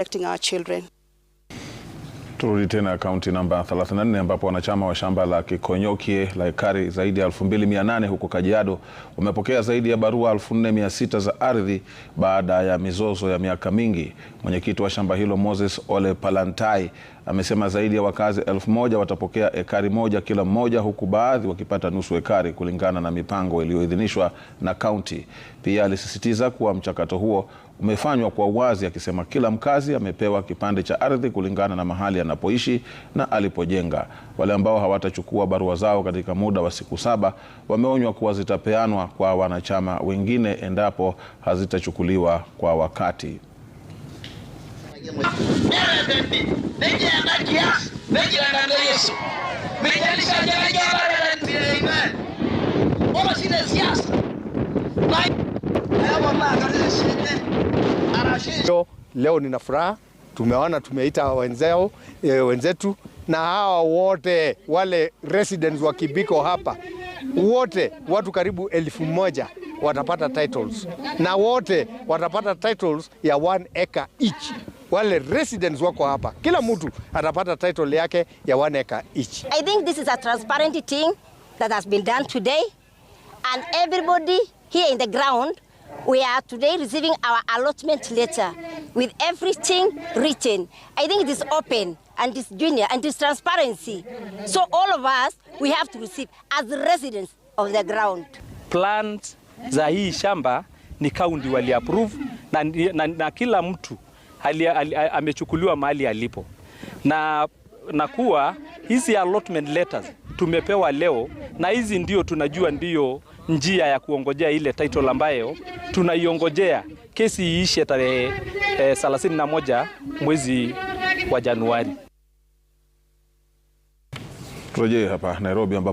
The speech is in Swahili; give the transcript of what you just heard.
protecting our children. Turudi tena kaunti namba 34 ambapo wanachama wa shamba la Kikonyokie la ekari zaidi ya 2800 huko Kajiado wamepokea zaidi ya barua 4600 za ardhi baada ya mizozo ya miaka mingi. Mwenyekiti wa shamba hilo Moses Ole Palantai Amesema zaidi ya wakazi elfu moja watapokea ekari moja kila mmoja, huku baadhi wakipata nusu ekari kulingana na mipango iliyoidhinishwa na kaunti. Pia alisisitiza kuwa mchakato huo umefanywa kwa uwazi, akisema kila mkazi amepewa kipande cha ardhi kulingana na mahali anapoishi na alipojenga. Wale ambao hawatachukua barua zao katika muda wa siku saba wameonywa kuwa zitapeanwa kwa wanachama wengine endapo hazitachukuliwa kwa wakati neredende Leo nina furaha, tumeona tumeita wenzeo wenzetu na hawa wote wale residents wa Kibiko hapa wote watu karibu elfu moja watapata titles na wote watapata titles ya one acre each wale residents wako hapa, kila mtu atapata title yake ya one acre each. I think this is a transparent thing that has been done today and everybody here in the ground we are today receiving our allotment letter with everything written. I think it is open and it's junior and it's transparency. So all of us, we have to receive as residents of the ground. Plant za hii shamba ni county wali approve na, na, na kila mtu amechukuliwa mahali alipo na, na kuwa hizi allotment letters tumepewa leo, na hizi ndio tunajua ndiyo njia ya kuongojea ile title ambayo tunaiongojea kesi iishe tarehe 31 eh, mwezi wa Januari. Turejee hapa Nairobi ambapo